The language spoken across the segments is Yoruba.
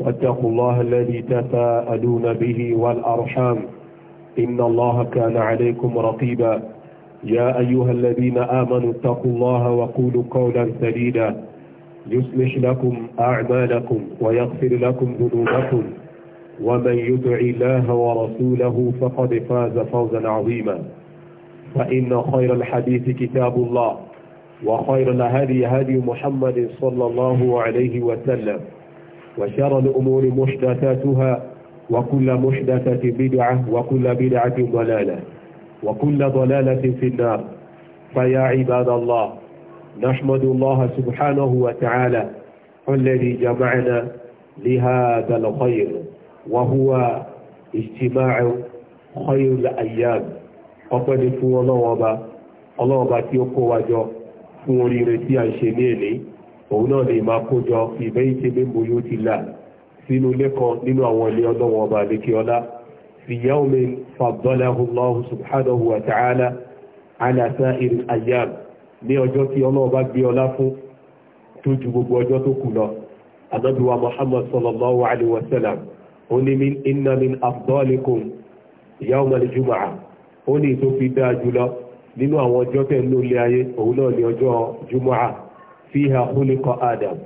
واتقوا الله الذي تساءلون به والأرحام إن الله كان عليكم رقيبا يا أيها الذين آمنوا اتقوا الله وقولوا قولا سديدا يصلح لكم أعمالكم ويغفر لكم ذنوبكم ومن يطع الله ورسوله فقد فاز فوزا عظيما فإن خير الحديث كتاب الله وخير الهدي هدي محمد صلى الله عليه وسلم وشر الأمور محدثاتها وكل محدثة بدعة وكل بدعة ضلالة وكل ضلالة في النار فيا عباد الله نحمد الله سبحانه وتعالى الذي جمعنا لهذا الخير وهو اجتماع خير الأيام ọpẹ́ الله fún الله ọlọ́wọ́ba tí ó kó wájọ fún òun náà lè máa kójọ ìbẹ́ ìṣẹ́lẹ̀ mboyó ti là sínú ilé kan nínú àwọn ilé ọlọ́wọ́ ọba àdékè ọlá fi yawmin faddalahu Allahu subhanahu wa ta'ala ala sa'ir al-ayyam ní ọjọ́ tí ọlọ́wọ́ bá gbé ọlá fún tó ju gbogbo ọjọ́ tó kù lọ àdọ́dúwa Muhammad sallallahu alayhi wa sallam fíhà khuliqa adam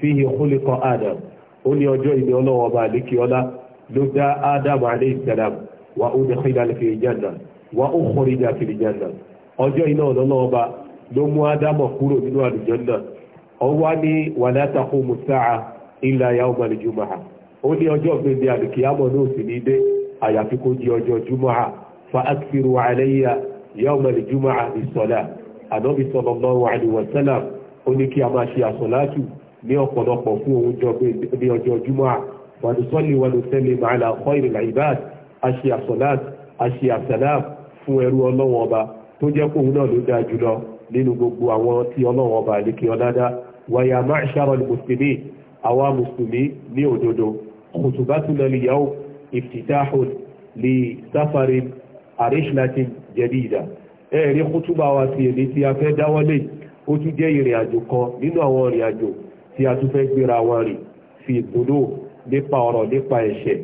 fíhì khuliqa adam ó ní ọjọ́ ìdí ọlọ́wọ́ bá àlékiọlá ló dá adam alayhi salam wa udkhila fil janna wa ukhrija fil janna ọjọ́ iná ọlọ́wọ́ bá ló mú adam kúrò nínú àlùjánnà ó wá ní wala taqumu sa'a illa yawma al-jumu'ah ó ní ọjọ́ gbèdé àlùkìyàmọ̀ náà sì ní dé àyàfi kó di ọjọ́ jùmọ̀á fa akfiru alayya yawma al-jumu'ah bis-salah ànábì sallallahu alayhi ó ní kí a máa ṣe àsọ̀látù ní ọ̀pọ̀lọpọ̀ fún òun jọ ní ọjọ́ júmọ́ à wàdùsọ́lì wàdùsẹ́lì màálà khairil ibad a ṣe àsọ̀lát a ṣe àsàlám fún ẹrú ọlọ́wọ́n ọba tó jẹ́ pòun náà ló dáa jùlọ nínú gbogbo àwọn tí ọlọ́wọ́n ọba àlékè ọ̀dádá wàyà ma'sharal ó tún jẹ́ ìrìn àjò kan nínú àwọn ìrìn àjò tí a tún fẹ́ gbéra wọn rìn fi ìdúró nípa ọ̀rọ̀ nípa ẹ̀ṣẹ̀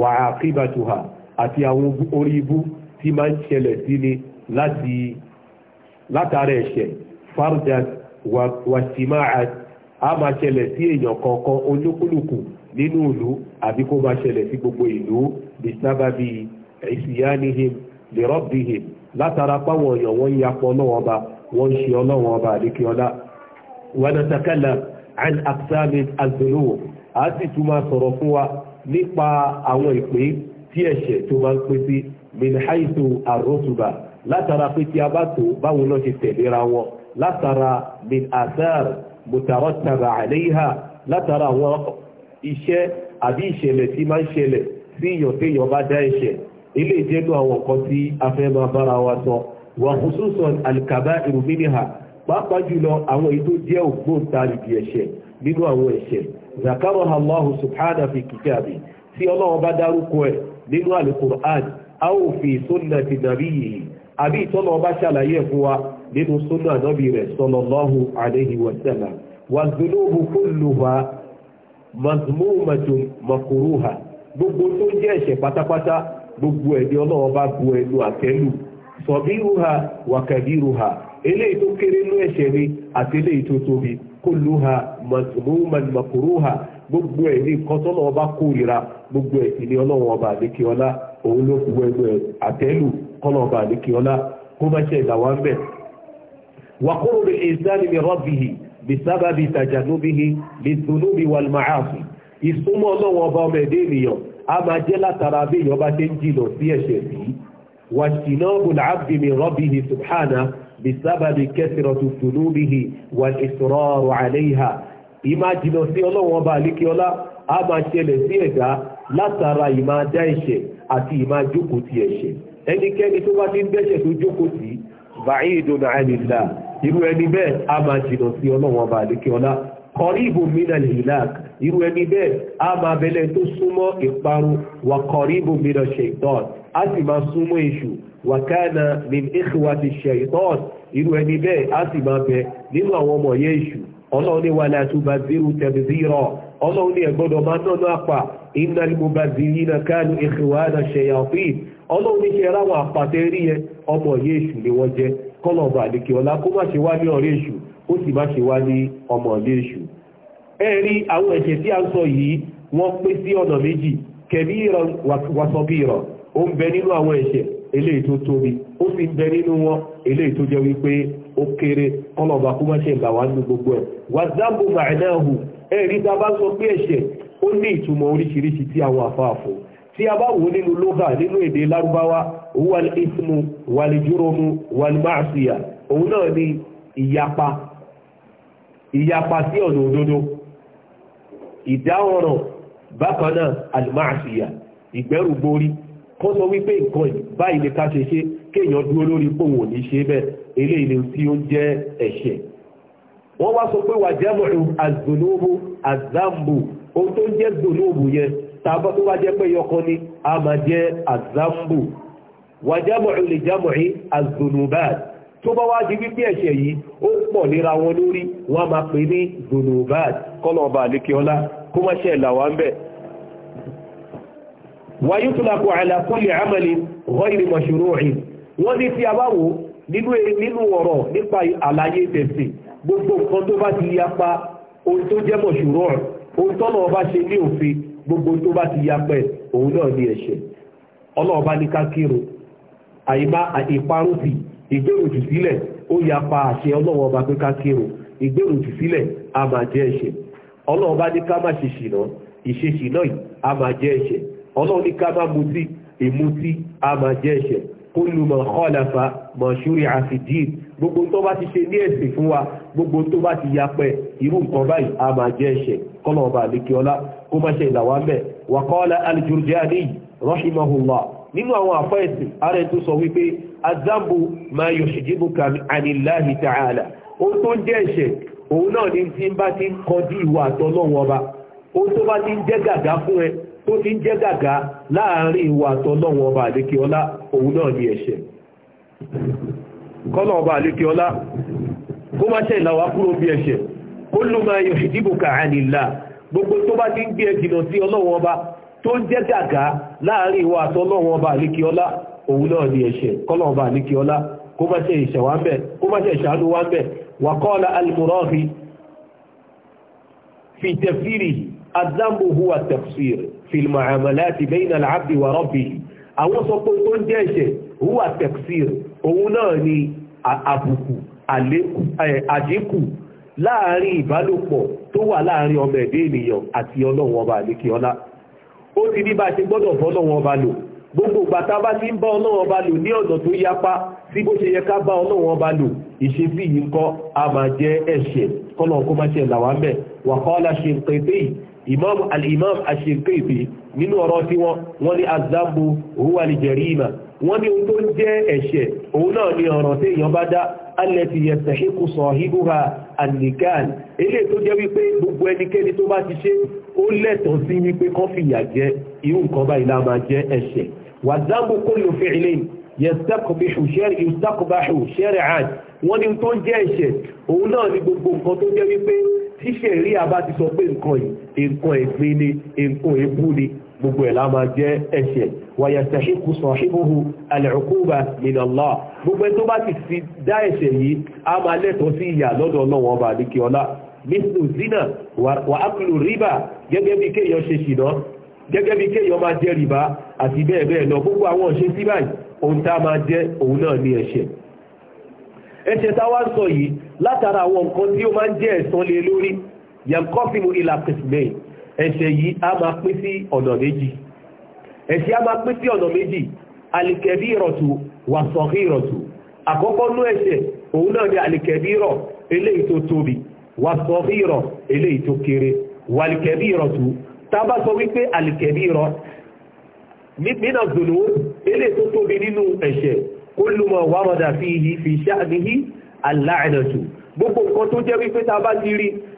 wà á kíbàtúhà àti àwọn orí ibú tí máa ń ṣẹlẹ̀ sí ni láti látara ẹ̀ṣẹ̀ fardan wàtímáà a máa ṣẹlẹ̀ sí èèyàn kọ̀ọ̀kan olúkúlùkù nínú ìlú àbí kó máa ṣẹlẹ̀ sí gbogbo ìlú bí ìsìyánihim lè rọ́bìhìm látara páwọn èèyàn wọ́n ya pọ̀ náà ọba wọ́n ṣe ọlọ́wọ́n ọba àdíkíọlá wanatakala an aksami azuluwo a sì tún máa sọ̀rọ̀ fún wa nípa àwọn ìpín tí ẹ̀ṣẹ̀ tó máa ń pín sí minhaisu arotuba látara pé tí a bá tó báwọn náà ṣe tẹ̀léra wọn látara min asar mutarataba aleiha látara àwọn iṣẹ́ àbí ìṣẹ̀lẹ̀ tí máa ń ṣẹlẹ̀ sí ìyàn téèyàn bá dá ẹ̀ṣẹ̀ ilé ìjẹ́nu àwọn kan tí a fẹ́ máa bára wa sọ. So wà khususan al-kaba'iru minha pàápàá jùlọ àwọn èyí tó jẹ́ ògbóǹtarìgì ẹ̀ṣẹ̀ nínú àwọn ẹ̀ṣẹ̀ zakaraha Allahu subhanahu fi kitabi tí ọlọ́run bá dárúkọ ẹ̀ nínú al-Qur'an aw fi sunnati nabiyyihi àbí ìtọ́lọ̀ ọba ṣàlàyé fún wa nínú súnà ànábì rẹ̀ sallallahu alayhi wa sallam wà zunubu kulluha mazmumatun makruha gbogbo tó jẹ́ ẹ̀ṣẹ̀ pátápátá gbogbo ẹ̀ ni ọlọ́run bá bu ẹnu àtẹ́lù sọ̀bíhùhà wàkàbíhùhà eléyìí tó kéré ló ẹ̀ṣẹ̀ ni àti eléyìí tó tóbi kúlùhà mọ̀tìmọ́mọ̀n mọ̀kúrúhà gbogbo ẹ̀ ní nǹkan tọ́nà ọba kórìíra gbogbo ẹ̀ sì ni ọlọ́run ọba àdékíọlá òun ló fi wẹ́nu ẹ̀ àtẹ́lù kọ́nà ọba àdékíọlá kó má ṣe ìdáwà ń bẹ̀. wàkúrò ní ìsánì ní rọ́bìhì bí sábàbí ìtàjànúbìhì bí sunúbì wà lùmáàfì ìsúnmọ́ ọlọ́run ọba ọmọ ẹ̀dẹ́ ènìyàn á máa jẹ́ látara bí èèyàn ṣe ń jìnà sí ẹ̀ṣẹ̀ yìí واجتناب العبد من ربه سبحانه بسبب كثرة ذنوبه والإصرار عليها ìmá jìnà sí ọlọ́run ọba àlékíọlá a máa ṣẹlẹ̀ sí ẹ̀dá látara ìmá dá ẹ̀ṣẹ̀ àti ìmá jókòó ti ẹ̀ṣẹ̀ ẹnikẹ́ni tó bá ti ń dẹ́ṣẹ̀ tó jókòó sí ba'idun 'anillah irú ẹni bẹ́ẹ̀ a máa jìnà sí ọlọ́run ọba àlékíọlá qaribun minal hilak irú ẹni bẹ́ẹ̀ a máa bẹ̀lẹ̀ tó súnmọ́ ìparun wà qaribun minash shaitan á sì máa súnmọ́ èṣù wàkánà min ikhwati shaitan irú ẹni bẹ́ẹ̀ á sì máa bẹ nínú àwọn ọmọ yẹn èṣù ọlọ́run ní wàlá tubadhiru tabdhira ọlọ́run ní ẹ̀gbọ́dọ̀ máa nọ́nà àpà innal mubadhirina kanu ikhwana shayatin ọlọ́run ní ṣe ráwọn àpàtẹ rí yẹn ọmọ yẹn èṣù ni wọ́n jẹ́ kọ́lọ̀bà àdìkì ọ̀la kó ṣe wá ní ọ̀rẹ́ èṣù ó ń bẹ nínú àwọn ẹ̀ṣẹ̀ eléyìí tó tóbi ó sì ń bẹ nínú wọn eléyìí tó jẹ́ wípé ó kéré kọlọ̀bà kó má ṣe ìgbà wá ní gbogbo ẹ̀ wà zambo ma'anahu ẹ̀rí tá a bá sọ pé ẹ̀ṣẹ̀ ó ní ìtumọ̀ oríṣiríṣi tí àwọn àfáàfò tí a bá wò nínú lóga nínú èdè lárúbáwá wal ismu wal jurumu wal ma'asiya òun náà ni ìyapa ìyapa sí ọ̀nà òdodo ìdáhọ̀ràn bákan náà al ma'asiya ìgbẹ́rùgbórí kó sọ wípé nǹkan báyìí lè ká ṣe ṣe kéèyàn dúró lórí pòun ò ní ṣe bẹ́ẹ̀ ilé ni tí ó jẹ́ ẹ̀ṣẹ̀ wọ́n wá sọ pé wàjẹ́mọ̀ àzùnúbù àzámbù ohun tó ń jẹ́ zùnúbù yẹn tàbá tó wá jẹ́ pé yọkọ ni a máa jẹ́ àzámbù wàjẹ́mọ̀ lè tó bá wá di wọn lórí wọ́n máa pè ní kọ́lọ̀ ọba wa yutlaqu ala kulli amalin ghayri mashru'in wọ́n ní tí a bá wò nínú e, nínú ọ̀rọ̀ nípa àlàyé tẹ̀sìn gbogbo nǹkan tó bá ti yapa ohun tó jẹ́ mashru' ohun tọ́nà ọba ṣe ní òfin gbogbo tó bá ti yapẹ̀ òun náà ní ẹ̀ṣẹ̀ ọlọ́ọ̀bá ní kákírun àyíká ìparúsì ìgbèròjù sílẹ̀ ó yapa àṣẹ ọlọ́wọ́ pé kákírun ìgbèròjù sílẹ̀ a máa jẹ́ ẹ̀ṣẹ̀ ọlọ́ọ̀bá ní ká má ṣe ṣìnà ìṣe yìí a máa jẹ́ ẹ̀ṣẹ̀ ọlọ́run ní ká má mutí ìmutí a máa jẹ́ ẹ̀ṣẹ̀ kúlù mọ̀ kọ́lẹ̀fà mọ̀ ṣúrí àfìdíì gbogbo tó bá ti ṣe ní ẹ̀sìn fún wa gbogbo tó bá ti yapẹ̀ irú nǹkan báyìí a máa jẹ́ ẹ̀ṣẹ̀ kọ́lọ̀ ọba àlékiọlá kó má ṣe ìlàwà mẹ́ wà kọ́lá al-Jurjani ma yushjibuka anillahi ta'ala ohun tó ń jẹ́ ẹ̀ṣẹ̀ òun náà ni tí ń tó ti ń jẹ́ gàgà láàrin ìwà àtọ́lọ́wọ́ ọba àlékè òun náà ní ẹ̀ṣẹ̀ kọ́lọ̀ ọba àlékè kó má kúrò bí ẹ̀ṣẹ̀ ló máa yọ gbogbo tó bá ti ń gbé sí ọba tó ń jẹ́ láàrin ìwà ọba òun náà ní ẹ̀ṣẹ̀ kọ́lọ̀ ọba kó má ìṣàánú wá ń bẹ̀ fil mu'amalati bayna al-'abdi wa rabbih àwọn sọ pé tó ń jẹ́ ẹ̀ṣẹ̀ huwa taksir òun náà ni àbùkù àdínkù láàrin ìbálòpọ̀ tó wà láàrin ọmọ ẹ̀dẹ́ ènìyàn àti ọlọ́run ọba àlékè ọlá ó ti ní bá ṣe gbọ́dọ̀ fọ́lọ́run ọba lò gbogbo gbàtà bá ti ń bá ọlọ́run ọba lò wàkọ́lá ṣe ń pèsè imam al-imam ash-Shinqiti nínú ọ̀rọ̀ tí wọ́n wọ́n ní azambu huwa al-jarima wọ́n ní ohun jẹ́ ẹ̀ṣẹ̀ òun náà ni ọ̀rọ̀ tí èèyàn bá dá alẹ́tì yẹ̀sẹ̀híkù sọ̀híbúha ànìkan ilé tó jẹ́ wípé gbogbo ẹnikẹ́ni tó bá ti ṣe ó lẹ́tọ̀ọ́ sí wípé kán fìyà jẹ irú nǹkan báyìí lá máa jẹ́ ẹ̀ṣẹ̀ wà zambu kullu fi'lin yẹ̀sẹ̀kùbáhù shari'an wọ́n ní tó ń jẹ́ ẹ̀ṣẹ̀ òun náà ni gbogbo nǹkan tó jẹ́ wípé tíṣẹ̀rí àbá ti sọ pé nǹkan yìí nǹkan ìpín ni nǹkan èébú ni gbogbo ẹ̀ la máa jẹ́ ẹ̀ṣẹ̀ wàyàtàṣíkù sọ̀ṣíbùhù alẹ́ọ̀kúbà nìlọ́lá gbogbo ẹ̀ tó bá ti fi dá ẹ̀ṣẹ̀ yìí a máa lẹ́tọ̀ọ́ sí ìyà lọ́dọ̀ ọlọ́wọ́n ọba àdíkì ọlá mísù zina wà ákùlù rìbà gẹ́gẹ́ bí kéèyàn ṣe ṣìná gẹ́gẹ́ yankọ́sìmù ilà kìsìmẹ́ ẹ̀ṣẹ̀ yìí a máa pín sí ọ̀nà méjì ẹ̀ṣẹ̀ a máa pín sí ọ̀nà méjì alìkẹ̀bí ìrọ̀tù wà sọ̀kí ìrọ̀tù àkọ́kọ́ nú ẹ̀ṣẹ̀ òun náà ni alìkẹ̀bí ìrọ̀ eléyìí tó tóbi wà sọ̀kí ìrọ̀ eléyìí tó kéré wà alìkẹ̀bí ìrọ̀tù tá sọ wípé alìkẹ̀bí ìrọ̀ nínà zòló eléyìí tó tóbi nínú ẹ̀ṣẹ̀ kullu ma warada fihi fi sha'nihi al-la'natu gbogbo nǹkan tó jẹ́ wípé tá ti rí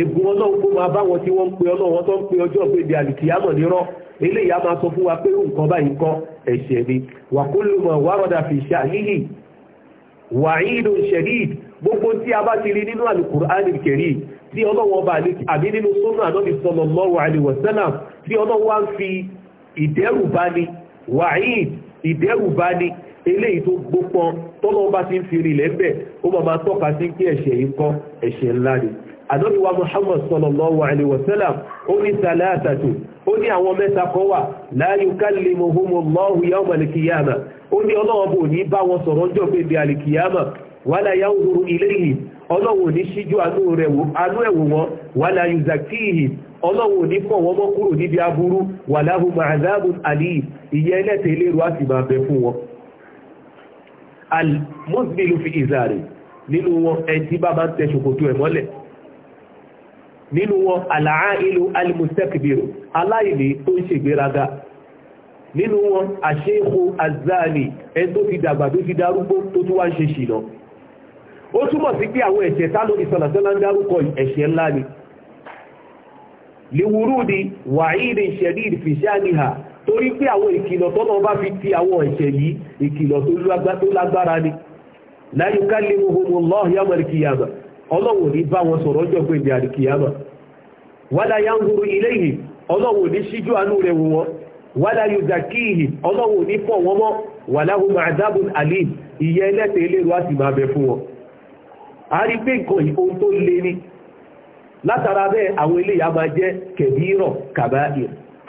ègún ọlọ́run kó máa báwọn tí wọ́n ń pe ọlọ́run tó ń pe ọjọ́ pé ibi àlìkìyámọ̀ nírọ́ eléyìí a máa sọ fún wa pé nǹkan báyìí kọ́ ẹ̀ṣẹ̀ ni wàkúlùmọ̀ wàrọ̀dà fìṣà níhì wàhíìlù ṣẹ̀díìd gbogbo tí a bá ti rí nínú àlùkùránì kẹrì tí ọlọ́run ọba àbí nínú sọ́nà ànábì sallallahu alaihi wasallam tí ọlọ́run wá fi ìdẹ́rùbani wàhíìd ìdẹ́rùbani eléyìí tó gbópọn tọ́lọ́run bá ti ń fi rí lẹ́ńbẹ̀ ó máa tọ́ka sí pé ẹ̀ṣẹ̀ yìí kọ́ ẹ̀ṣẹ̀ ńlá ni àdóbi wa muhammad sallallahu alaihi wasallam ó ní sàlátàtù ó ní àwọn mẹ́ta kan wà la yukallimuhumullahu yawma al-qiyamah ó ní ọlọ́wọ́ bò ní bá wọn sọ̀rọ̀ jọ pé bí al-qiyamah wala yanzuru ilayhi ọlọ́wọ́ nínú wọn ẹ̀ tí bá bá ń tẹ ṣòkòtò ẹ̀ nínú wọn àlàá ìlú alimusekbiru aláìní tó ń ṣègbéraga nínú wọn àṣẹ́kù azani ẹni tó ti dàgbà tó ti darúgbó tó tún wá ń ṣe ṣìnà ó túmọ̀ sí pé àwọn ẹ̀ṣẹ̀ tálórí sọ̀làsọ́lá ń dárúkọ ẹ̀ṣẹ̀ ńlá ni liwurudi wàhíìrì ṣẹ̀díìrì fìṣáníhà torí pé àwọn ìkìlọ̀ tọ́nà bá fi ti àwọn ẹ̀ṣẹ̀ yìí ìkìlọ̀ tó lágbára ni láyùká lè mú homo lọ́ọ̀yàmọ̀lì kìyàmọ̀ ọlọ́wọ̀ ní bá wọn sọ̀rọ̀ ọjọ́ pé ní àdìkìyàmà wádá ya ń gúrú ilé ìhì ọlọ́wọ̀ ní síjú àánú rẹ̀ wọn wádá yóò kí ìhì ọlọ́wọ̀ ní pọ̀ wọn mọ́ wà láhùn àdábùn alim ìyẹ́ ẹlẹ́tẹ̀ eléru á ma máa bẹ fún wọn a rí pé nǹkan tó látara bẹ́ẹ̀ àwọn eléyà máa jẹ́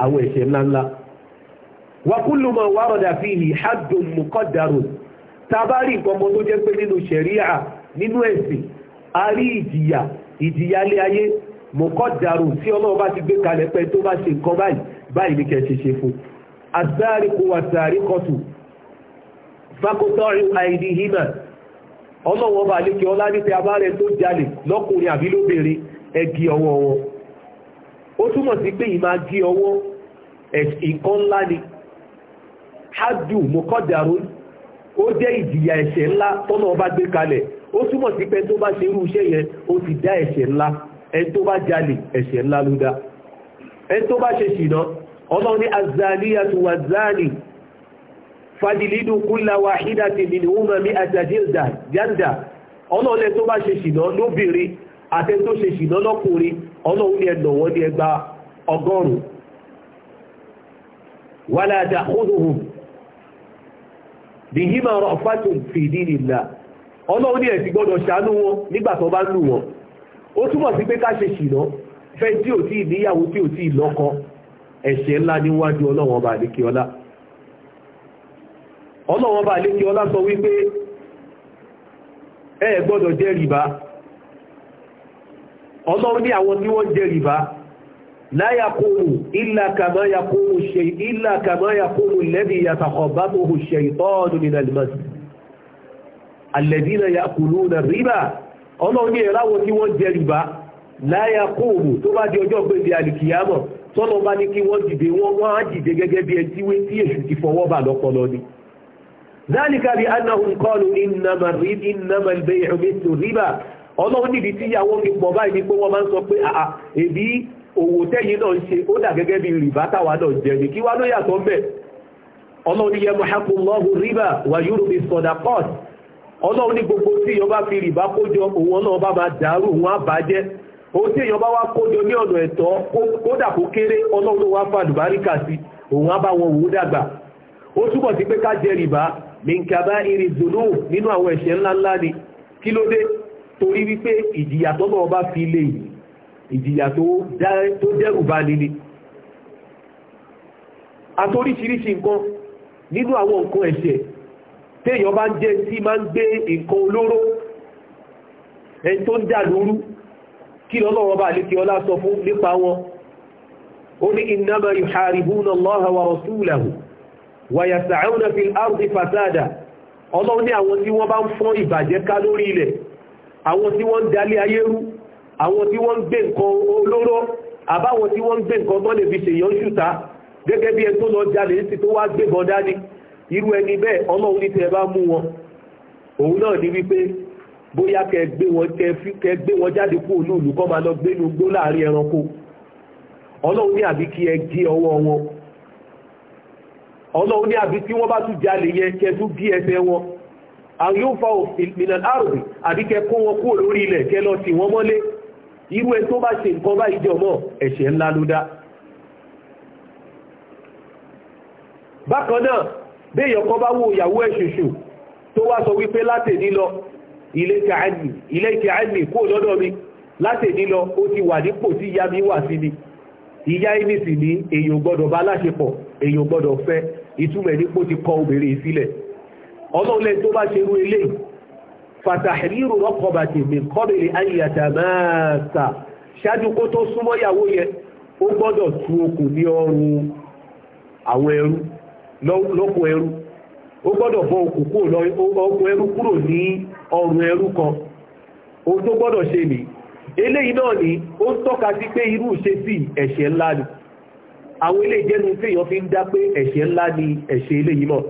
àwọn ẹ̀ṣẹ̀ ńláńlá fi tabari nǹkan ọmọ a rí ìjìyà ìjìyàlé ayé mọ̀kọ́dàrú tí ọlọ́run bá ti gbé kalẹ̀ pẹ́ tó bá ṣe nǹkan báyìí báyìí ní kẹ́ ṣe ṣe fún asáríkò fakotọ́rin àìdí hímà ọlọ́run ọba àlékè ọlá ní pé abárẹ tó jalè lọ́kùnrin àbí lóbìnrin ẹ gé ọwọ́ wọn ó túmọ̀ sí pé ìmá gé ọwọ́ nǹkan ńlá ni hadu ó jẹ́ ìjìyà ẹ̀ṣẹ̀ ńlá gbé kalẹ̀ ó túmọ̀ sí pé tó bá ṣe irú iṣẹ́ yẹn ó ti dá ẹ̀ṣẹ̀ ńlá ẹni tó bá jalè ẹ̀ṣẹ̀ ńlá ló dá ẹni tó bá ṣe ṣìnà ọlọ́run ní azaniyatu wa zani fadilidu kulla wahidati minhuma mi àtàdéjà jáǹdà ọlọ́run ẹni tó bá ṣe ṣìnà lóbìnrin àti tó ṣe ṣìnà lọ́kùnrin ọlọ́run ní ẹ̀nà wọn ẹgbà ọgọ́rùn-ún wàlá àdàkùnrin bìhímà rọ̀fàtún fìdí nìlá ọlọ́run ní ẹ̀sìn gbọ́dọ̀ ṣàánú wọn nígbà tó bá lù wọn ó túmọ̀ sí pé ká ṣe ṣìnà fẹ́ tí ò tí ì níyàwó tí ò tí ì lọ́kọ ẹ̀ṣẹ̀ ńlá níwájú ọlọ́run ọba àlékiọlá ọlọ́run ọba àlékiọlá sọ wípé ẹ gbọ́dọ̀ jẹ rìbá ọlọ́run ní àwọn tí wọ́n jẹ rìbá láyàkóòrò ìlàkàmáyàkóòrò lẹ́bí yàtàkọ̀bátòhù ṣe ìtọ́ọ̀dún nínú àlìmọ́sí alladhina ya'kuluna riba ọlọ́run ní ìráwọ̀ tí wọ́n jẹ rìbá láyà kóòmù tó bá di ọjọ́ gbèsè àlìkìyàmọ̀ tọ́lọ́ bá ní kí wọ́n dìde wọ́n wọ́n á dìde gẹ́gẹ́ bí ẹtí wé tí èṣù ti fọwọ́ bà lọ́pọlọ ni. dhalika bi annahum qalu innama al-bay'u mithlu riba ọlọ́run níbi tí ìyàwó fi pọ̀ báyìí ni pé wọ́n máa ń sọ pé àà èbí òwò tẹ́yìn náà ń ṣe ó dà gẹ́gẹ́ bí rìbá táwa náà jẹ ní kí wá ló yàtọ̀ mẹ́ yẹ muhaqqullahu riba wa yurbi sadaqat ọlọ́run ní gbogbo tí èèyàn bá fi rìbá kójọ òun ọlọ́run bá máa dàrú òun á bàjẹ́ tí èèyàn wá kójọ ní ọ̀nà ẹ̀tọ́ kódà kó kéré ọlọ́run ló wá sí òun á bá wọn ó dàgbà ó túbọ̀ sí pé ká jẹ rìbá minkaba irin zulu nínú àwọn ni kí ló dé torí wípé ìjìyà tó bá fi lè yìí ìjìyà tó dẹ́rù bá nǹkan nínú àwọn nǹkan téèyàn bá ń jẹ́ tí máa ń gbé nǹkan olóró ẹni tó ń dà lóru kí lọ́lọ́wọ́ bá lè kí ọlá sọ fún nípa wọn ó ní innama yuharibuna Allaha wa rasulahu wa yas'auna fil ardi àwọn tí wọ́n bá ń fọ́n ìbàjẹ́ ká lórí ilẹ̀ àwọn tí wọ́n ń dalé ayé àwọn tí wọ́n ń gbé nǹkan olóró irú ẹni bẹ́ẹ̀ ọlọ́run ní tẹ́ bá mú wọn òun náà ní wípé bóyá kẹ gbé wọn kẹ gbé wọn jáde kúrò ní ìlú kọ́ máa lọ gbé inú gbó láàrin ẹranko ọlọ́run ní àbí kí ẹ gé ọwọ́ wọn ọlọ́run ní àbí tí wọ́n bá tún jalè yẹn kẹ tún gé ẹsẹ̀ wọn àwọn yóò fa ìmìnà àrùn àbí kẹ kó wọn kúrò lórí ilẹ̀ kẹ lọ tì wọ́n mọ́lé irú ẹ tó bá ṣe nǹkan báyìí jọ mọ́ ẹ̀ṣẹ̀ ńlá ló dá bákan náà béèyàn kan bá wo ìyàwó ẹ̀ ṣoṣo tó wá sọ wípé látẹ̀ní lọ ilé ti àìní ilé ti àìní kó lọ́dọ̀ mi látẹ̀ní lọ ó ti wà nípò tí ìyá mi wà sí ni ìyá ẹni sì ní èèyàn gbọ́dọ̀ bá láṣepọ̀ èèyàn gbọ́dọ̀ fẹ́ ìtumọ̀ nípò ti kọ obìnrin sílẹ̀ lóko ẹrú ó gbọ́dọ̀ bọ́ okùn ẹrú kúrò ní ọrùn ẹrú kan ohun tó gbọ́dọ̀ ṣe ni eléyìí náà ni ó ń tọ́ka sí pé irú ṣe sí ẹ̀ṣẹ̀ ńlá ni àwọn ilé ìjẹ́nu tí èèyàn fi ń dá pé ẹ̀ṣẹ̀ ńlá ni ẹ̀ṣẹ̀ eléyìí náà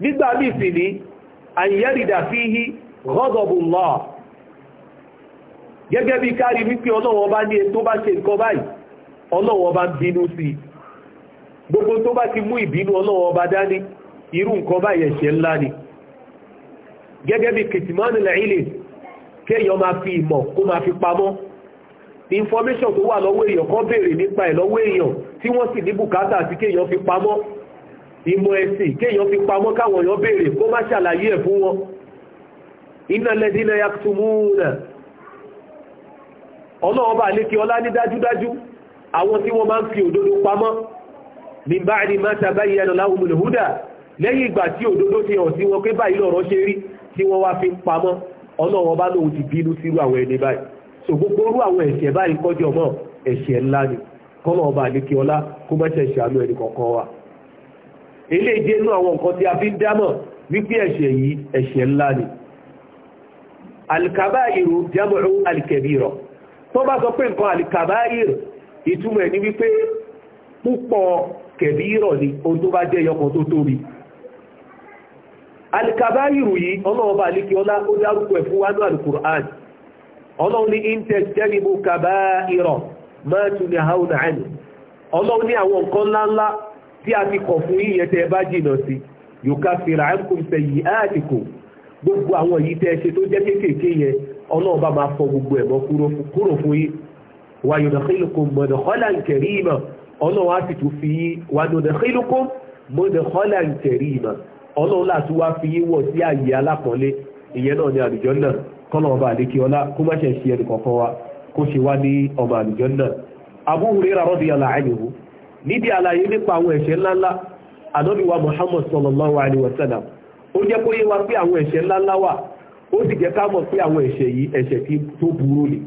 nígbà míì sì ni àyẹ́rìdà fi hí ghadabullah gẹ́gẹ́ bí kárí wípé ọlọ́wọ́ bá ní ètò bá ṣe nǹkan báyìí ọlọ́wọ́ bá bínú sí i gbogbo tó bá ti mú ìbínú ọlọ́wọ́ ọba dání irú nǹkan bá yẹ̀ṣẹ̀ ńlá ni gẹ́gẹ́ bí kìtìmánì lẹ́ìlè kéèyàn máa fi ìmọ̀ kó máa fi pamọ́ information tó wà lọ́wọ́ èèyàn kan béèrè nípa ẹ̀ lọ́wọ́ èèyàn tí wọ́n sì ní bùkátà àti kéèyàn fi pamọ́ ìmọ̀ ẹ̀sìn kéèyàn fi pamọ́ káwọn èèyàn béèrè kó má ṣàlàyé ẹ̀ fún wọn iná lẹ́dínà yaktumuna ọlọ́ọ̀bà lékè ọlá ní dájúdájú àwọn tí wọ́n máa ń fi òdodo pamọ́ min ba'di ma tabayyana lahumul huda lẹ́yìn ìgbà tí òdodo ti hàn sí wọn pé báyìí lọ̀rọ̀ ṣe rí tí wọ́n wá fi pamọ́ ọlọ́wọ́n bá lóun ti bínú sírú àwọn ẹni báyìí so gbogbo orú ni kọ́nà wa ilé ìdí inú àwọn nǹkan tí a fi ń dámọ̀ wípé ẹ̀ṣẹ̀ yìí ẹ̀ṣẹ̀ ńlá ni alkabairu jamu'u tó bá sọ pé nǹkan alkabairu ìtumọ̀ ẹ̀ wípé púpọ̀ kẹ̀bí ịrọ ni ohun tó bá jẹ́ tó tóbi alikabayiru yìí ọlọ́ọ̀bá alikí ọlá ó dárúkọ ẹ̀ fún wánú alukur'an ọlọ́run ni intet jẹ́rìbú kaba ìrọ̀ máa tún ní ni àwọn nǹkan a ti kọ̀ fún tẹ́ bá jìnà sí gbogbo àwọn tẹ́ ṣe tó jẹ́ máa ọlọ́run á sì tún fi yín wà ní ọ̀dẹ̀ xílùkún mọ́dẹ̀ kọ́lá ìtẹ̀rí ìmọ̀ ọlọ́run láti wá fi yín wọ̀ sí àyè alápọ̀nlé ìyẹn náà ní àlùjọ náà kọ́lọ̀ ọba àdékí ọlá kó má ṣe ṣe ẹnì kọ̀ọ̀kan wa kó ṣe wá ní ọmọ àlùjọ náà Abu Hurairah radiyallahu anhu níbi àlàyé nípa àwọn ẹ̀ṣẹ̀ ńláńlá ànábì wa Muhammad sallallahu alayhi wa sallam ó jẹ́ kó yé wa pé àwọn ẹ̀ṣẹ̀ ńláńlá wà ó sì jẹ́ ni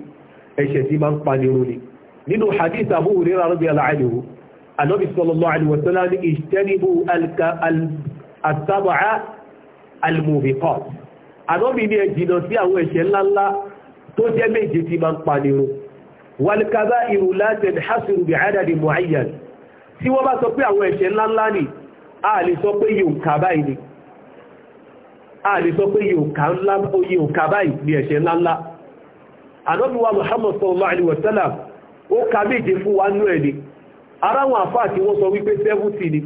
ẹ̀ṣẹ̀ tí máa ń nínú hadith Abu Hurairah radiyallahu anhu Ànábì sallallahu alaihi wa sallam ní ìṣẹ́nibú àtàbàá almubiqat Ànábì ní ẹ̀jìnà sí àwọn ẹ̀ṣẹ̀ ńláńlá tó jẹ́ méje tí máa ń panirun wàlùkàbá ìrùlá tẹ̀lẹ̀hásùrù bí àdàdì mu'ayyan tí wọ́n bá sọ pé àwọn ẹ̀ṣẹ̀ ńláńlá ni a lè sọ pé yíò ká báyìí ni a lè sọ pé yíò ká báyìí ni ńláńlá Ànábì wa Muhammad sallallahu alaihi wa ó ka méje fún wa nú ẹ̀ ni ara wọn àfáà tí wọ́n sọ wípé seventy ni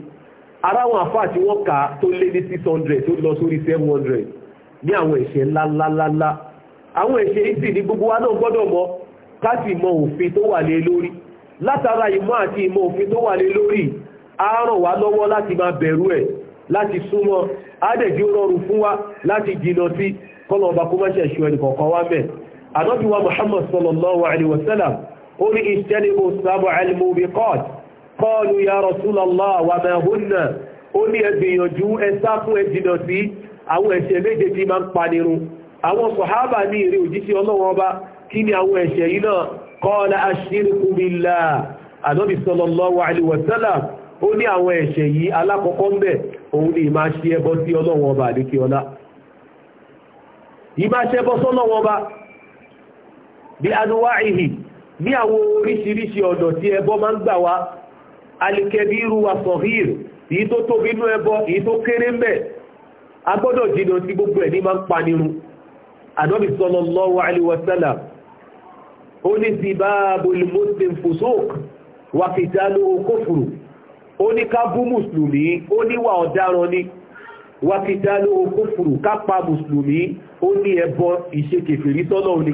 ara àfáà tí wọ́n kà tó lé ní six hundred tó lọ sórí seven hundred ní àwọn ẹ̀ṣẹ̀ ńláńláńlá àwọn ẹ̀ṣẹ̀ ní gbogbo wa náà gbọ́dọ̀ mọ̀ ká sì òfin tó wà lé lórí látara ìmọ̀ àti ìmọ̀ òfin tó wà lé lórí á wá lọ́wọ́ láti máa bẹ̀rù ẹ̀ láti súnmọ́ wa láti sí kọ́lọ̀ ọba wa Muhammad sallallahu ó ní ìṣẹ́lẹ̀bù sábọ̀ almubikot kọlu ya rasulallah wa mahunna ó ní ẹgbìyànjú ẹsá fún ẹjìnà sí àwọn ẹ̀ṣẹ̀ méje tí máa ń panirun àwọn sọ̀hábà ní ìrí òjíṣẹ́ ọlọ́wọ́ bá kí ni àwọn ẹ̀ṣẹ̀ yìí náà kọ́ọ̀lá ashirku billah ànábì sallallahu alaihi wasallam ó ní àwọn ẹ̀ṣẹ̀ yìí alákọ̀ọ́kọ́ ń bẹ òun ni ìmá ṣe ẹbọ sí ọlọ́wọ́ ọba àdékí ọlá ìmá ṣe ẹbọ sọ́lọ́wọ́ ọba bí anúwáìhì ní àwọn oríṣiríṣi ọ̀dọ̀ tí ẹbọ máa ń gbà wá alìkẹbí irú wa sọ̀hír èyí tó tóbi inú ẹbọ èyí tó kéré ń bẹ̀ a jìnà sí gbogbo ẹ̀ ní máa ń panirun ànábì sallallahu alaihi wasallam ó ní sí báàbul muslim fusuk wa kitaluhu kufru wa kitaluhu kufru ká pa mùsùlùmí ó ní ẹbọ ìṣekèfèrí sọ́nà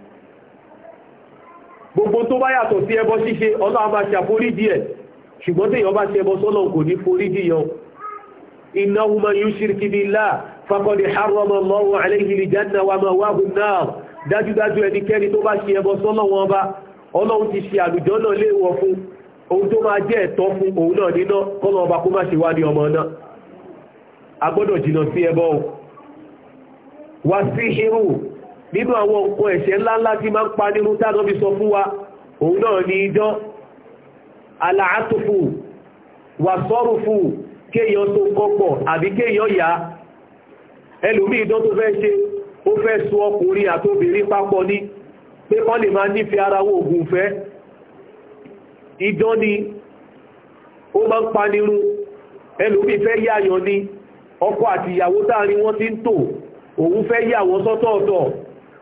gbogbo tó bá yàtọ̀ sí ẹbọ ṣíṣe ọlọ́run bá ṣe àforíjì ẹ̀ ṣùgbọ́n téèyàn bá ṣe ẹbọ sọ́lọ́ kò ní foríjì yọ innahu man yushrik wa ma'wahu an-nar dájúdájú ẹnikẹ́ni tó bá ṣe ẹbọ sọ́lọ́ wọn bá ọlọ́run ti ṣe àlùjọ́ náà léèwọ̀ fún ohun tó máa jẹ́ ẹ̀tọ́ fún òun náà níná kọ́nà ọba kó ọmọ náà a gbọ́dọ̀ jìnnà nínú àwọn nǹkan ẹ̀ṣẹ̀ ńláńlá tí máa ń pa nínú táàdọ́ bí sọ fún wa òun náà ni idán aláàtòfù wàsọ́rùfù kéèyàn tó kọ́pọ̀ àbí kéèyàn yá ẹlòmí idán tó fẹ́ ṣe ó fẹ́ sọ ọkùnrin àtòbìnrin papọ̀ ní pé wọ́n lè máa nífẹ̀ẹ́ ara wọn ògùn fẹ́ idán ni ó máa ń pa nínú ẹlòmí fẹ́ yáyàn ni ọkọ àti ìyàwó táàrin wọn ti ń tò òun fẹ́ yàwó sọ́tọ̀ọ̀tọ̀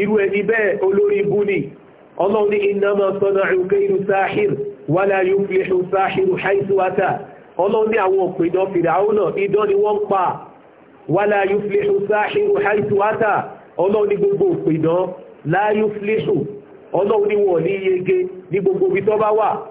irú ẹni bẹ́ẹ̀ olórí ibú ni ọlọ́run ní innama sana'u kaydu sáhìr wala yuflihu sáhìr haythu ata ọlọ́run ní àwọn òpìdọ́ fìdáhùn náà idán ni wọ́n pa wala yuflihu sáhìr haythu ata ọlọ́run ní gbogbo òpìdán la yuflihu ọlọ́run ní wọ́n ní yege ní gbogbo ibi tó bá wà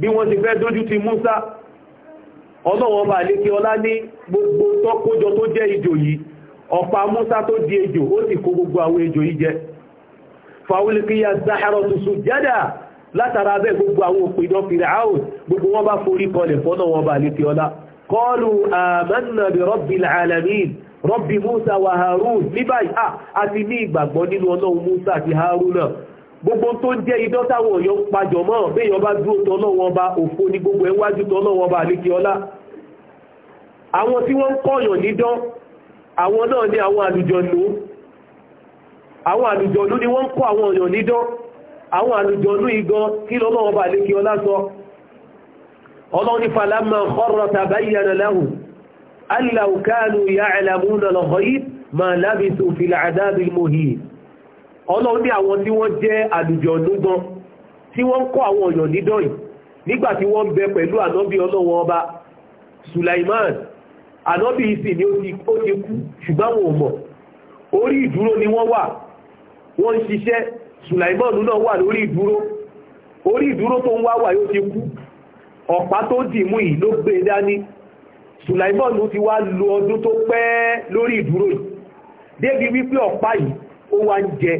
bí wọ́n ti fẹ́ dójú ti Musa ọlọ́wọ́ bá lékí ọlá ní gbogbo tọ́kójọ tó jẹ́ ejò yìí ọ̀pá Musa tó di ejò ó sì kó gbogbo àwọn ejò yìí jẹ fàwílìkíyà zahara tuntun jádà látara abẹ́ gbogbo àwọn òpìdán Fir'aun gbogbo wọn bá forí kọlẹ̀ fọ́nà wọn bá alamin rabbi Musa wa Harun ní báyìí a ti ní ìgbàgbọ́ nínú ọlọ́run Musa àti gbogbo tó ń jẹ́ idán táwọn èèyàn pajọ mọ́ béèyàn bá dúró tọ́lọ́wọ́n ọba òfo ní gbogbo ẹ̀ wájú tọ́lọ́wọ́n ọba àlékè ọlá àwọn tí wọ́n ń kọ̀yàn nídán àwọn náà ní àwọn àlùjọ̀nù àwọn àlùjọ̀nù ni wọ́n ń kọ́ àwọn èèyàn nídán àwọn àlùjọ̀nù igan kí lọ́lọ́wọ́n ọba àlékè ọlá sọ ọlọ́run ní falamma kharra tabayyana lahu allaw kanu ya'lamuna al-ghayb ma labithu fil 'adhabil ọlọ́run ní àwọn tí wọ́n jẹ́ àlùjọ̀nú gan tí wọ́n ń kọ́ àwọn ọ̀yàn nídọ̀yìn nígbà tí wọ́n ń bẹ pẹ̀lú ànábì ọlọ́wọ́n ọba Sulaiman ànábì ìsìn ni ó ti kú ṣùgbọ́n wọn ò mọ̀ orí ìdúró ni wọ́n wà wọ́n ń ṣiṣẹ́ Sulaiman náà wà lórí ìdúró orí ìdúró tó ń wá wà yóò ti kú ọ̀pá tó dì mú yìí ló gbé e dání Sulaiman ti wá lo ọdún tó pẹ́ lórí ìdúró yìí débi wípé ọ̀pá yìí ó wá ń jẹ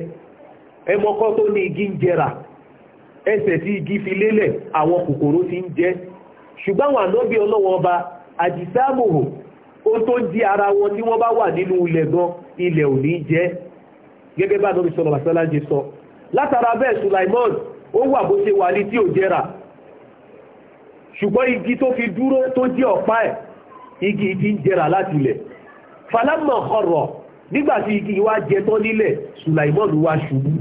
ẹmọkọ́ tó ní igi ń jẹrà ẹsẹ̀ tí igi fi lélẹ̀ àwọn kòkòrò ti ń jẹ ṣùgbọ́n àwọn ànábì ọlọ́wọ́ ọba àjìsáàmùhò ó tó ń di ara wọn tí wọ́n bá wà nínú ilẹ̀ gan ilẹ̀ ò ní jẹ gẹ́gẹ́ bá ànábì sọ̀rọ̀ bàtà láńjẹ sọ látara bẹ́ẹ̀ Sulaimon ó wà bó ṣe wà ní tí ò jẹrà ṣùgbọ́n igi tó fi dúró tó jẹ́ ọ̀pá ẹ̀ igi ti ń jẹrà láti ilẹ̀ falamọ̀ ọ̀rọ̀ nígbàtí igi wá jẹ tán nílẹ̀ Sulaimon wá ṣubú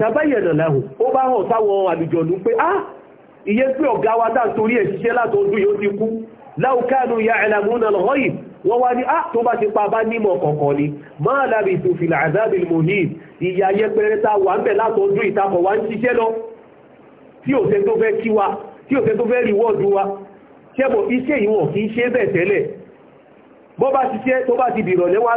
tàbáyẹ̀nà láhùn ó bá hàn sáwọn àlùjọ̀nú pé á ah, iye pé ọ̀gá wa dá torí ẹ̀ ṣiṣẹ́ látọdún yóò ti kú láwùkánú ya ẹ̀làmúnà lọ́yì wọ́n wá ní á ah, tó bá ti pa bá nímọ̀ kọ̀ọ̀kan ni máa lábi ìtòfìlà àzábì mohim ìyà yẹpẹrẹ ta wà ń bẹ̀ látọdún ìtakọ̀ wá ń ṣiṣẹ́ lọ tí ò tẹ́ tó fẹ́ kí wa tí ò tẹ́ tó fẹ́ rìwọ́ọ̀dù wa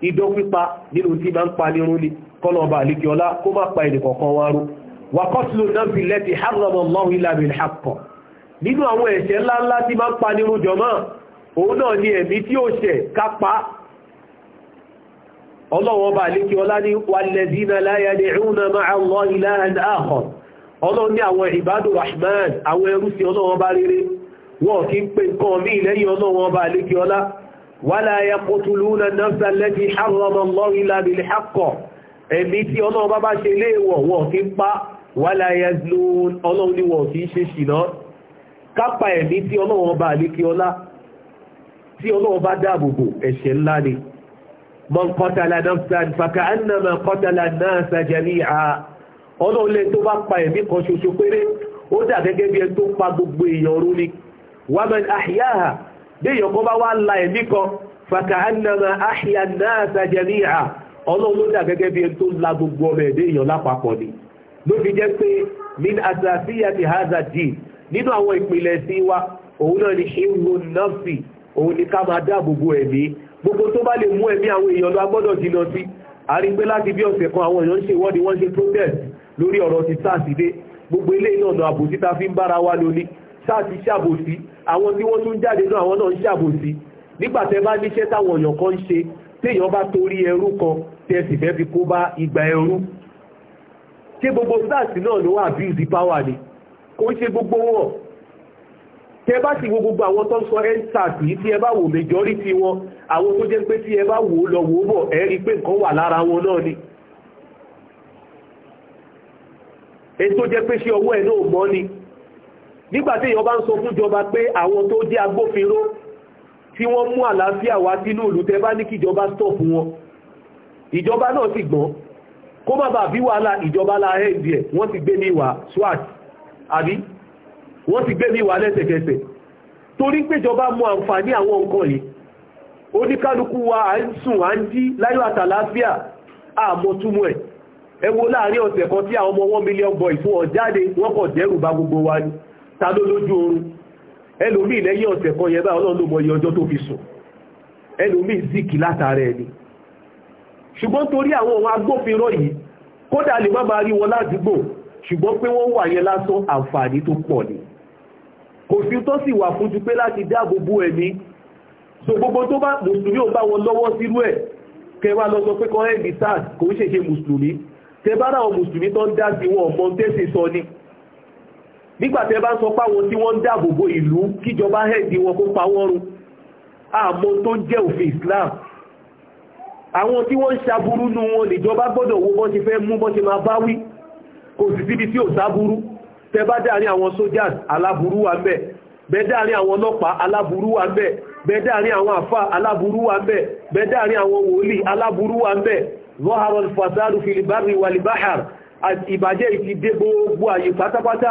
idó pípa nínú tí máa ń pa nírun ni kọ́nà ọba àlekè ọlá kó má pa ẹnìkọ̀ọ̀kan wa rú wà kọ́tùlù náà fi lẹ́tì hàrọ̀mọ̀ lọ́hùn ìlànà ìhàpọ̀ nínú àwọn ẹ̀ṣẹ̀ ńláńlá tí máa ń pa nírun jọmọ́ òun náà ni ẹ̀mí tí ó ṣẹ̀ kápá ọlọ́wọ́ wala yaqtuluna an-nafsa allati harrama Allahu illa bil-haqq ẹ̀mí tí ọlọ́run bá bá ṣe léèwọ̀ wọn kí pa wala yazlun ọlọ́run ní wọn kì í ṣe ṣìnà kápa ẹ̀mí tí ọlọ́run bá àlékí ọlá tí ọlọ́run bá dáàbòbò ẹ̀ṣẹ̀ ńlá ni déèyàn kan bá wá la ẹ̀mí kan fàkà ánàmà àhìyà náà sàjẹ̀míà ọlọ́run ló dà gẹ́gẹ́ bí ẹni tó la gbogbo ọmọ ẹ̀ déèyàn lápapọ̀ ni ló fi jẹ́ pé min àtàfíyà ti haza dì nínú àwọn ìpìlẹ̀ sí wa òun náà ni ṣíwò nọ́ọ̀sì òun ni ká máa dáàbò bo ẹ̀mí gbogbo tó bá lè mú ẹ̀mí àwọn èèyàn lọ agbọ́dọ̀ jìnnà sí àrígbé láti bí ọ̀sẹ̀ kan àwọn èèyàn ń ṣe ìwọ́de wọ́n ṣe protest lórí ọ̀rọ̀ ti sáàsì dé gbogbo ilé ìlànà àbòsíta fi ń bára wa lóní sáà ti ṣàbòsí àwọn tí wọ́n tún jáde náà àwọn náà ń ṣàbòsí nígbàtẹ́ bá níṣẹ́ táwọn èèyàn kan ṣe téèyàn bá torí ẹrú kan tẹ́ sì fẹ́ fi kó bá igba ẹrú ṣé gbogbo sars náà ló wà abuse the power ni kò ń ṣe gbogbo wọn tẹ́ bá sì wo gbogbo àwọn tó ń sọ endsars yìí tí ẹ bá wò majority wọn àwọn tó jẹ́ pé tí ẹ bá wò ó lọ wò ó bọ̀ ẹ rí pé nǹkan wà lára wọn náà ni èyí tó jẹ́ pé ṣé ọwọ́ ẹ̀ náà mọ́ ni nígbàtí èèyàn bá ń sọ fún ìjọba pé àwọn tó jẹ́ agbófinró tí wọ́n mú àlàáfíà wá sínú ìlú tẹ́ bá ní kí ìjọba stop wọn ìjọba náà sì gbọ́n kó má bàa bí wàhálà ìjọba láàrẹ́ ìdí wọ́n ti gbé ní ìwà swat àbí wọ́n ti gbé ní ìwà lẹ́sẹ̀kẹsẹ̀ torí péjọba mú àǹfààní àwọn nǹkan yìí oníkálukú wa à ń sùn à ń jí láyọ̀ àtàlàáfíà àmọ́túmọ̀ ẹ̀ ẹ wo láàrin ọ̀sẹ̀ kan tí àwọn ọmọ one million boys wọ́n jáde wọ́n kọ̀ dẹ́rù bà gbogbo wa ni ta ló lójú oorun ẹlòmíì lẹ́yìn ọ̀sẹ̀ kan yẹn bá ọlọ́run ló mọ iye ọjọ́ tó fi sùn ẹlòmíì zìkì látara ẹni ṣùgbọ́n torí àwọn ohun agbófinró yìí kódà lè má máa rí wọn ládùúgbò ṣùgbọ́n pé wọ́n wà yẹn lásán àǹfààní tó pọ̀ ni kò sí tó sì wà fún ju pé láti dáàbò bo ẹ̀mí so gbogbo tó bá mùsùlùmí ò bá wọn lọ́wọ́ sírú ẹ̀ kẹwàá lọ sọ pé kọ́rẹ́ ìbí sars kò ń ṣèṣe mùsùlùmí tẹ bá ráwọn mùsùlùmí tó ń dá sí wọn ọmọ tẹ́sí sọ ni nígbàtẹ́ bá ń sọ páwọn tí wọ́n ń dáàbòbò ìlú kíjọba hẹ́ẹ̀dì wọn kó pawọ́run àmọ́ tó jẹ́ òfin Islam àwọn tí wọ́n ń ṣaburú nú wọn lèjọba gbọ́dọ̀ wo bọ́n ti fẹ́ mú bọ́n ti máa bá wí kò sì síbi tí ò sáburú tẹ bá dáàrin àwọn soldiers aláburú wà ń bẹ̀ bẹ́ẹ̀ dáàrin àwọn ọlọ́pàá aláburú wa ń bẹ̀ bẹ́ẹ̀ dáàrin àwọn àfà aláburú wà ń bẹ́ẹ̀ dáàrin àwọn wòlíì aláburú wà ń bẹ̀ zọ́harọ̀lù filibari walibahar ìbàjẹ́ ìfidé gbogbo àyè pátápátá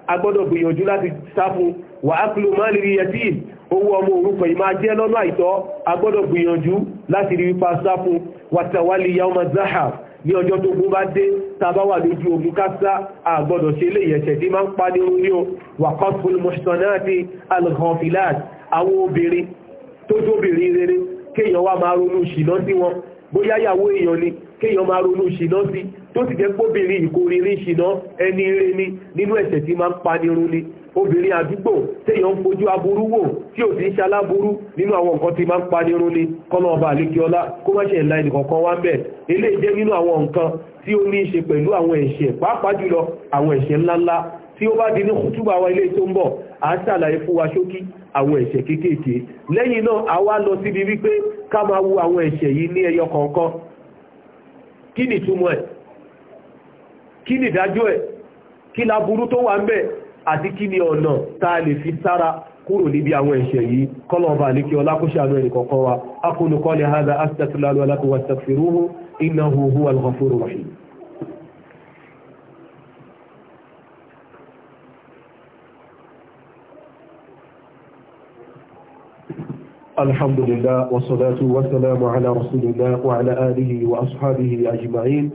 agbọ́dọ̀ gbìyànjú láti sáfún wà á kìlò máa lè rí ẹtí owó ọmọ orúkọ yìí máa jẹ́ lọ́nà àìtọ́ agbọ́dọ̀ gbìyànjú láti rí ipa sáfún wàtàwálì yaoma zahab ní ọjọ́ tó gún bá dé tàbá wà lójú ogun kásá àgbọ́dọ̀ ṣe lè yẹ̀ṣẹ̀ tí máa ń pa ní orí o wà kọ́sùn àwọn obìnrin tó jóbìnrin rere kéèyàn wá máa ronú ṣìná sí wọn bóyá èèyàn ni kéèyàn máa ronú ṣìná sí tó sì jẹ́ gbóbìnrin ìkórìírí ṣìná ẹni eré ni nínú ẹ̀ṣẹ̀ tí máa ń panirun ni obìnrin àdúgbò téèyàn ń fojú aburú wò tí ò sí ń ṣaláburú nínú àwọn nǹkan tí máa ń panirun ni kọ́nà ọba àlékiọlá kó má ṣe ńlá ẹnìkọ̀ọ̀kan wá ń bẹ̀ eléyìí jẹ́ nínú àwọn nǹkan tí ó ní í ṣe pẹ̀lú àwọn ẹ̀ṣẹ̀ pàápàá jùlọ àwọn ẹ̀ṣẹ̀ ńláńlá tí ó bá di ní kútùbà wa ilé tó ń bọ̀ à ń ṣàlàyé fún wa ṣókí àwọn ẹ̀ṣẹ̀ kéékèèké lẹ́yìn náà a wá lọ síbi wípé ká máa wo àwọn ẹ̀ṣẹ̀ yìí ní ẹyọ kọ̀ọ̀kan kí nìtúmọ̀ ẹ̀ kí ni ìdájọ́ ẹ̀ kí laburú tó wà ń bẹ̀ àti kí ni ọ̀nà tá a lè fi sára kúrò níbi àwọn ẹ̀ṣẹ̀ yìí kọ́lọ̀ọ̀bà ní kí ọlá kó ṣàánú ẹnì kọ̀ọ̀kan الحمد لله والصلاة والسلام على رسول الله وعلى آله وأصحابه أجمعين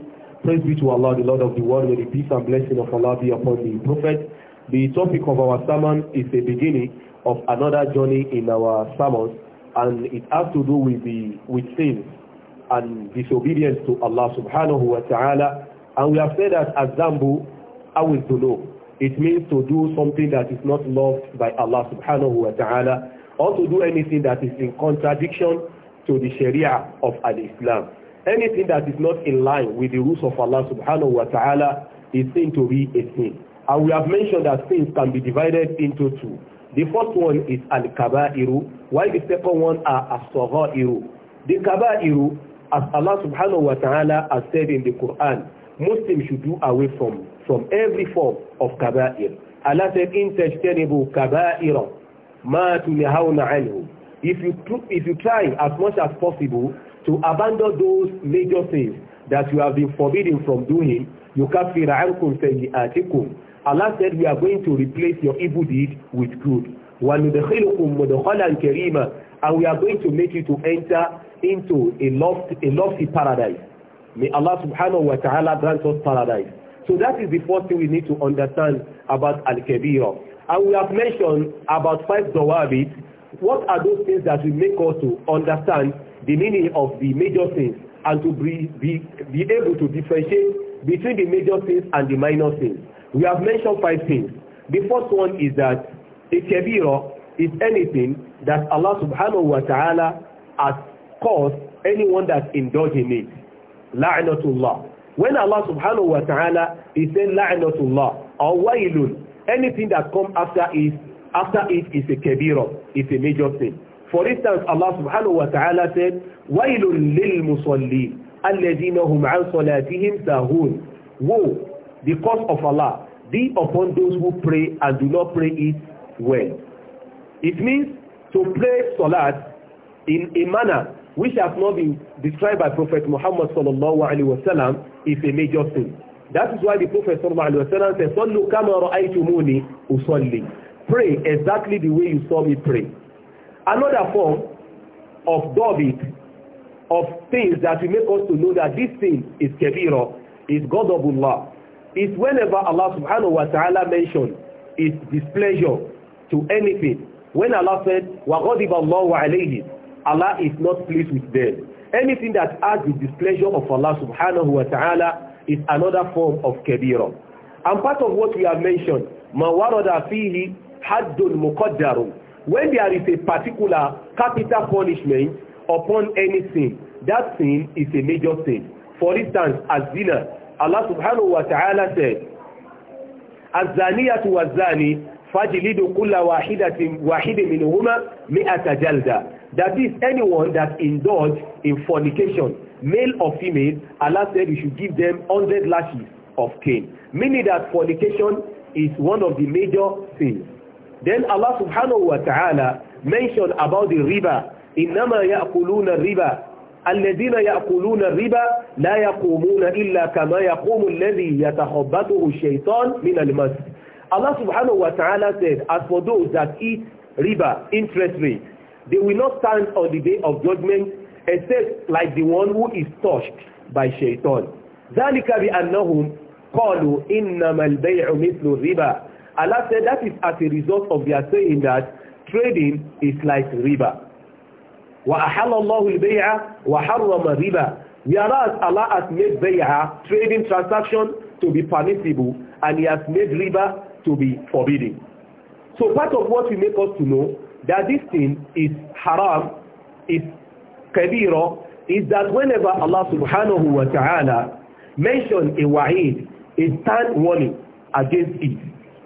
Praise be to Allah, the Lord of the world, may the peace and blessing of Allah be upon the Prophet. The topic of our sermon is the beginning of another journey in our sermons, and it has to do with the with sins and disobedience to Allah subhanahu wa ta'ala. And we have said that azambu always to know. It means to do something that is not loved by Allah subhanahu wa ta'ala, or to do anything that is in contradiction to the Sharia of Al-Islam anything that is not in line with the rules of Allah subhanahu wa ta'ala is seen to be a sin. And we have mentioned that sins can be divided into two. The first one is al-kaba'iru, while the second one are as-sagha'iru. The kaba'iru, as Allah subhanahu wa ta'ala has said in the Quran, Muslims should do away from, from every form of kaba'ir. Allah said, in tajtanibu kaba'ira, ma tunahawna anhu. If you, if you try as much as possible to abandon those major things that you have been forbidden from doing you yukafir the article. Allah said we are going to replace your evil deed with good and we are going to make you to enter into a lofty a lofty paradise may Allah subhanahu wa ta'ala grant us paradise so that is the first thing we need to understand about al-kabira and we have mentioned about five dawabit What are those things that will make us to understand the meaning of the major things and to be, be, be able to differentiate between the major things and the minor things? We have mentioned five things. The first one is that a kebira is anything that Allah subhanahu wa ta'ala has caused anyone that indulge in it. La'natullah. When Allah subhanahu wa ta'ala is saying la'natullah or wailun, anything that comes after is after it is a kabira, it's a major thing. For instance, Allah subhanahu wa ta'ala said, وَيْلٌ لِلْمُصَلِّينَ الَّذِينَ هُمْ عَنْ صَلَاتِهِمْ سَهُونَ Woe, the cause of Allah, be upon those who pray and do not pray it well. It means to pray salat in a manner which has not been described by Prophet Muhammad sallallahu alaihi wasallam is a major thing. That is why the Prophet sallallahu alaihi wasallam said, صَلُّوا كَمَا رَأَيْتُمُونِي أُصَلِّي Pray exactly the way you saw me pray. Another form of David, of things that will make us to know that this thing is Kebira, is God of Allah, is whenever Allah subhanahu wa ta'ala mentioned his displeasure to anything. When Allah said, وَغَضِبَ اللَّهُ عَلَيْهِ Allah is not pleased with them. Anything that adds the displeasure of Allah subhanahu wa ta'ala is another form of Kebira. And part of what we have mentioned, مَا وَرَدَ فِيهِ haddun muqaddaru when there is a particular capital punishment upon any sin that sin is a major sin for instance azina Allah subhanahu wa ta'ala said azaniyatu wazani fajilidu kulla wahidatin wahidin minhuma mi'ata jalda that is anyone that indulge in fornication male or female Allah said you should give them 100 lashes of cane meaning that fornication is one of the major sins Then Allah subhanahu wa ta'ala mentioned about the riba. إنما يأكلون الربا الذين يأكلون الربا لا يقومون إلا كما يقوم الذي يتخبطه الشيطان من المس. Allah subhanahu wa ta'ala said, as for those that eat riba, interest rate, they will not stand on the day of judgment except like the one who is touched by shaitan. ذلك بأنهم قالوا إنما البيع مثل الربا Allah said that is as a result of their saying that trading is like riba. وَأَحَلَّ اللَّهُ الْبَيْعَ وَحَرَّمَ riba. Whereas Allah has made bay'ah, trading transaction, to be permissible, and He has made riba to be forbidden. So part of what we make us to know that this thing is haram, is kabira, is that whenever Allah subhanahu wa ta'ala mentioned a wa'id, a stand warning against it,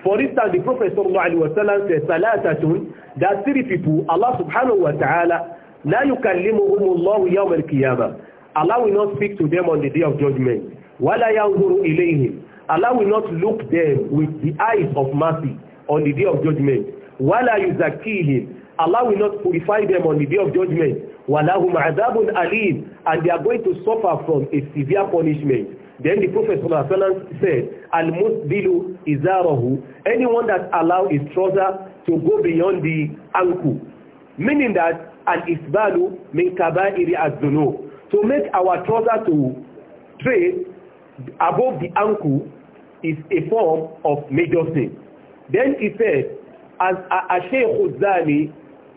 For instance, the Prophet sallallahu alaihi wasallam says, Salatatun, that three people, Allah subhanahu wa ta'ala, la yukallimuhumullahu yawm al-qiyamah. Allah will not speak to them on the day of judgment. Wala yanzuru ilayhim. Allah will not look them with the eyes of mercy on the day of judgment. Wala yuzakihim. Allah will not purify them on the day of judgment. Walahum adabun alim. And they are going to suffer from a severe punishment. Then the Prophet ﷺ said, al-musbilu izarahu, anyone that allow his trouser to go beyond the ankle. Meaning that al-isbalu min kaba'iri az-zunub. To make our trouser to trade above the ankle is a form of major sin. Then he said, as a, a Zani,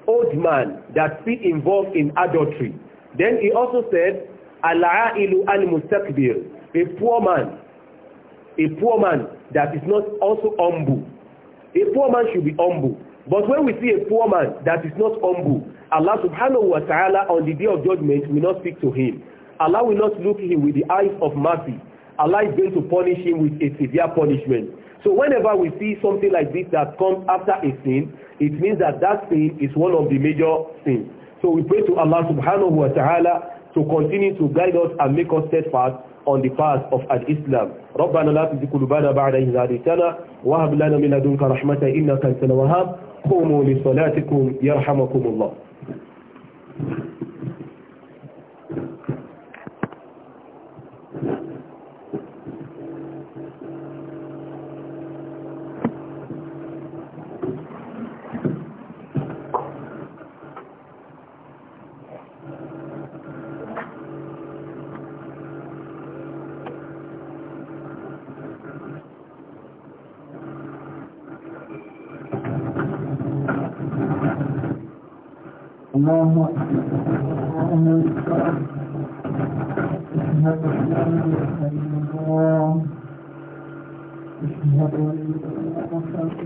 old man that still involved in adultery. Then he also said, Al-A'ilu al-Mustakbir, a poor man a poor man that is not also humble. A poor man should be humble. But when we see a poor man that is not humble, Allah subhanahu wa ta'ala on the day of judgment will not speak to him. Allah will not look him with the eyes of mercy. Allah is going to punish him with a severe punishment. So whenever we see something like this that comes after a sin, it means that that sin is one of the major sins. So we pray to Allah subhanahu wa ta'ala to continue to guide us and make us steadfast on the path of al-Islam. ربنا لا تزغ قلوبنا بعد إذ هديتنا وهب لنا من لدنك رحمة إنك أنت الوهاب قوموا لصلاتكم يرحمكم الله الله أكبر أشهد أن لا إله إلا الله أشهد أن محمدا